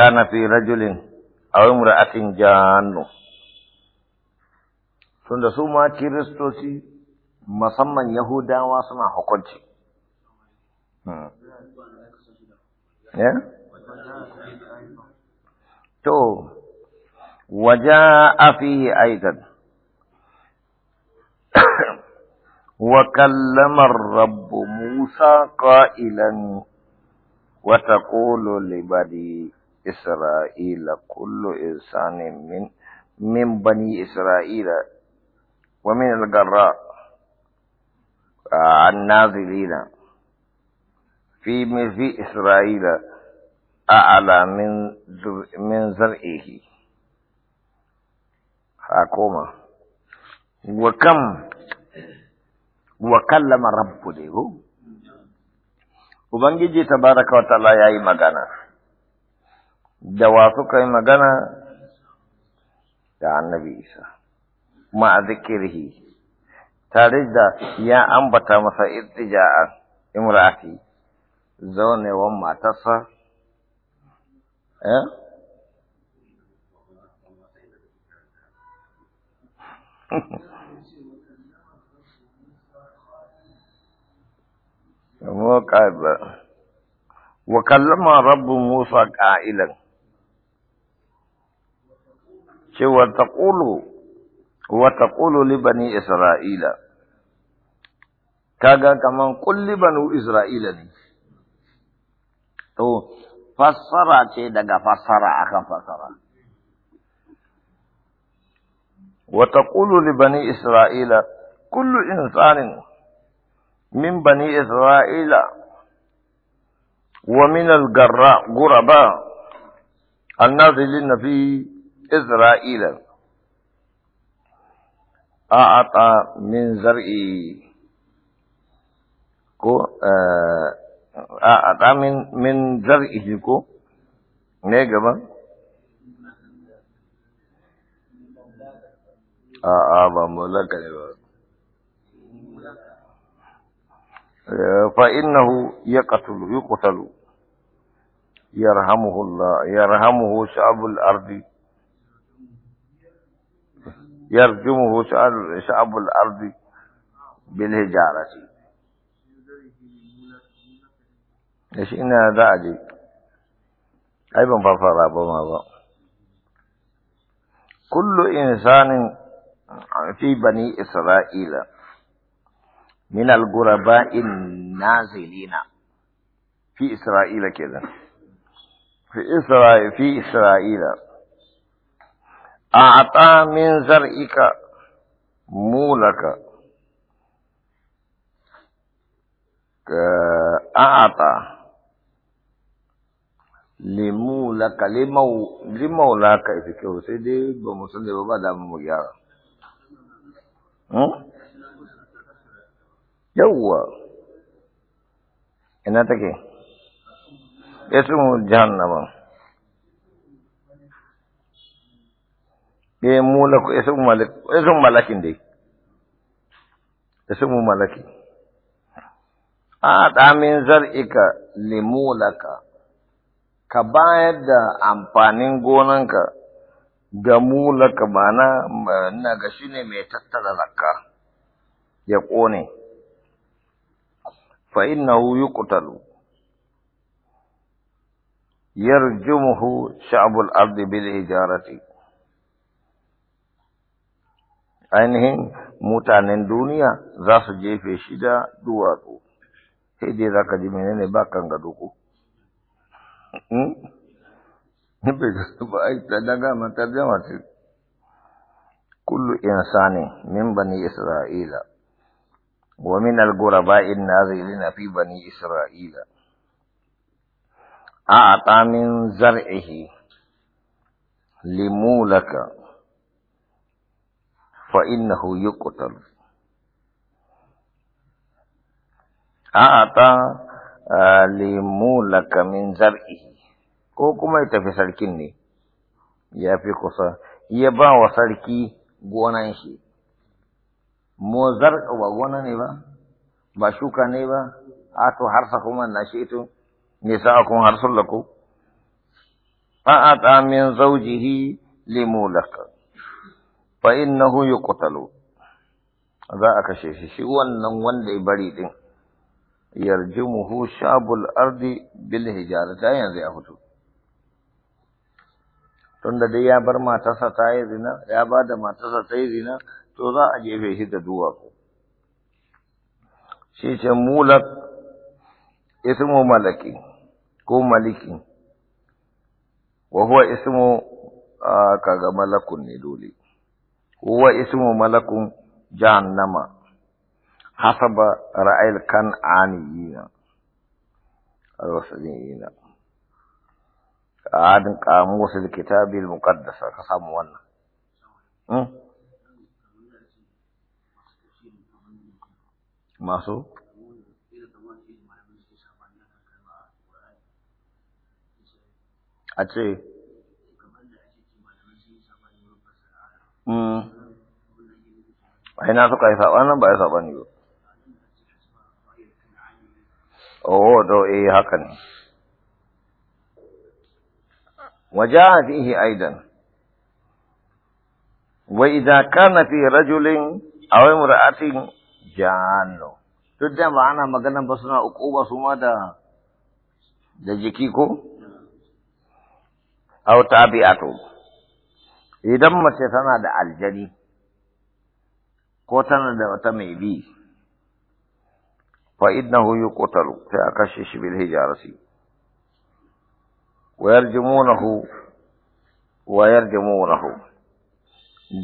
kana fi rajulin awimura akin jahannu tunda su ma kiristoci musamman yahudawa suna hukunci hmm. ya? to waja a fi aigan wakallamar rabbu musa ka ilan wata kolo إسرائيل كل إنسان من من بني إسرائيل ومن الجراء آه، النازلين في مزي إسرائيل أعلى من من زرعه حكومة وكم وكلم ربه وبنجي تبارك وتعالى يا إيمانا دواسك مغنى يا النبي عيسى مع ذكره تاريخ دا يا انبتا مسا ارتجاء امراتي زون وما تصا وكلم رب موسى قائلا وتقول وتقول لبني إسرائيل كذا كمان كل لبنو إسرائيل تو فسرة شيء دعا فسرة أخا فسرة وتقول لبني إسرائيل كل إنسان من بني إسرائيل ومن الجراء غرباء النازلين في إزرائيل أعطى من زرعه آه، أعطى من من زرعه نجبا أعطى آه، آه، ملكا فإنه يقتل يقتل يرحمه الله يرحمه شعب الأرض يرجمه شعب الأرض بالهجارة ايش انا داعي ايضا فرفر ابو ماذا كل انسان في بني اسرائيل من الغرباء النازلين في اسرائيل كذا في اسرائيل في اسرائيل أعطى من زرعك مولك أعطى لمولك لمو لمولاك إذا سيدي بمسلم بابا دام مجارة yawwa ina take ya tsumu jahannama eh mula ko isu eh, malakin eh, dai eh, malaki a da min zar'ika limulaka ka bayar da amfanin gonanka ga mulaka mana na ga shi ne mai tattara zakka ya ƙone fa innahu yuqtalu yarjumuhu Sha'abul ardi bil ijarati ainihin mutanen duniya za su jefe shi da duwatsu sai dai za ka ji menene ba kan gado ko hmm? daga ce kullu insani min bani isra'ila wa min al-ghuraba'in nazilina fi bani isra'ila a'ata min zar'ihi limulaka fa innahu yuqtal a'ata eh, limu laka min zar'ihi ko kuma ya tafi sarkin ne ya fi kusa ya ba wa sarki gonan shi mo zar'a wa gona ne ba ba shuka ne ba a to harsa kuma na shi ito nisa kun harsun lako a'ata min zawjihi limu laka fa innahu yuqtalu za a kashe shi shi wannan wanda ya bari din yarjumuhu shabul ardi bil hijara ta yanzu ya fito tunda dai ya bar matarsa ta yi zina ya ba da matarsa ta yi zina to za a jefe shi da duwatsu shi ce mulak ismu malaki ko maliki wa huwa ismu kaga malakun ne dole هو اسم ملك جهنم حسب رأي الكنعانيين الوثنيين عاد قاموس الكتاب المقدس قسم ون ما سو ce Hmm. a ina suka yi saɓa nan ba yi saɓa sabani ba owo oh, do eh haka ne waja a fi aidan wai ka na fi rajulin a wai mura'atin jano duk da ba ana maganan ba suna uku ba su ma da da jiki ko? au tabi'atu idan mace tana da aljani ko tana da wata mai bi fa innahu yuqtalu sai a shi bil hijarasi wa yarjumunahu wa yarjumunahu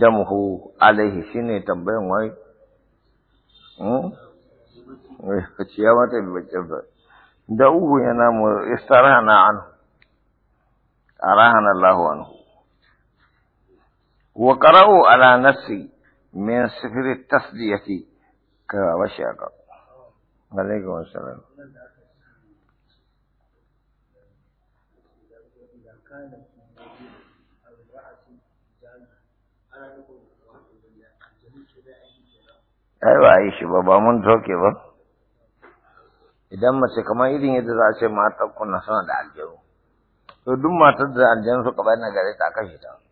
damuhu alaihi shine tambayan wai eh hmm ciyawa ta bacin ba da uhu yana mu istarahana anhu arahana Allahu anhu وقرأوا على نفسي من سفر التصدية كوشاقة عليكم السلام ai ba a yi shi ba ba mun toke ba idan mace kamar irin yadda za a ce matar kuna suna da aljihu to duk matar da aljihu suka bayan gare ta kashe ta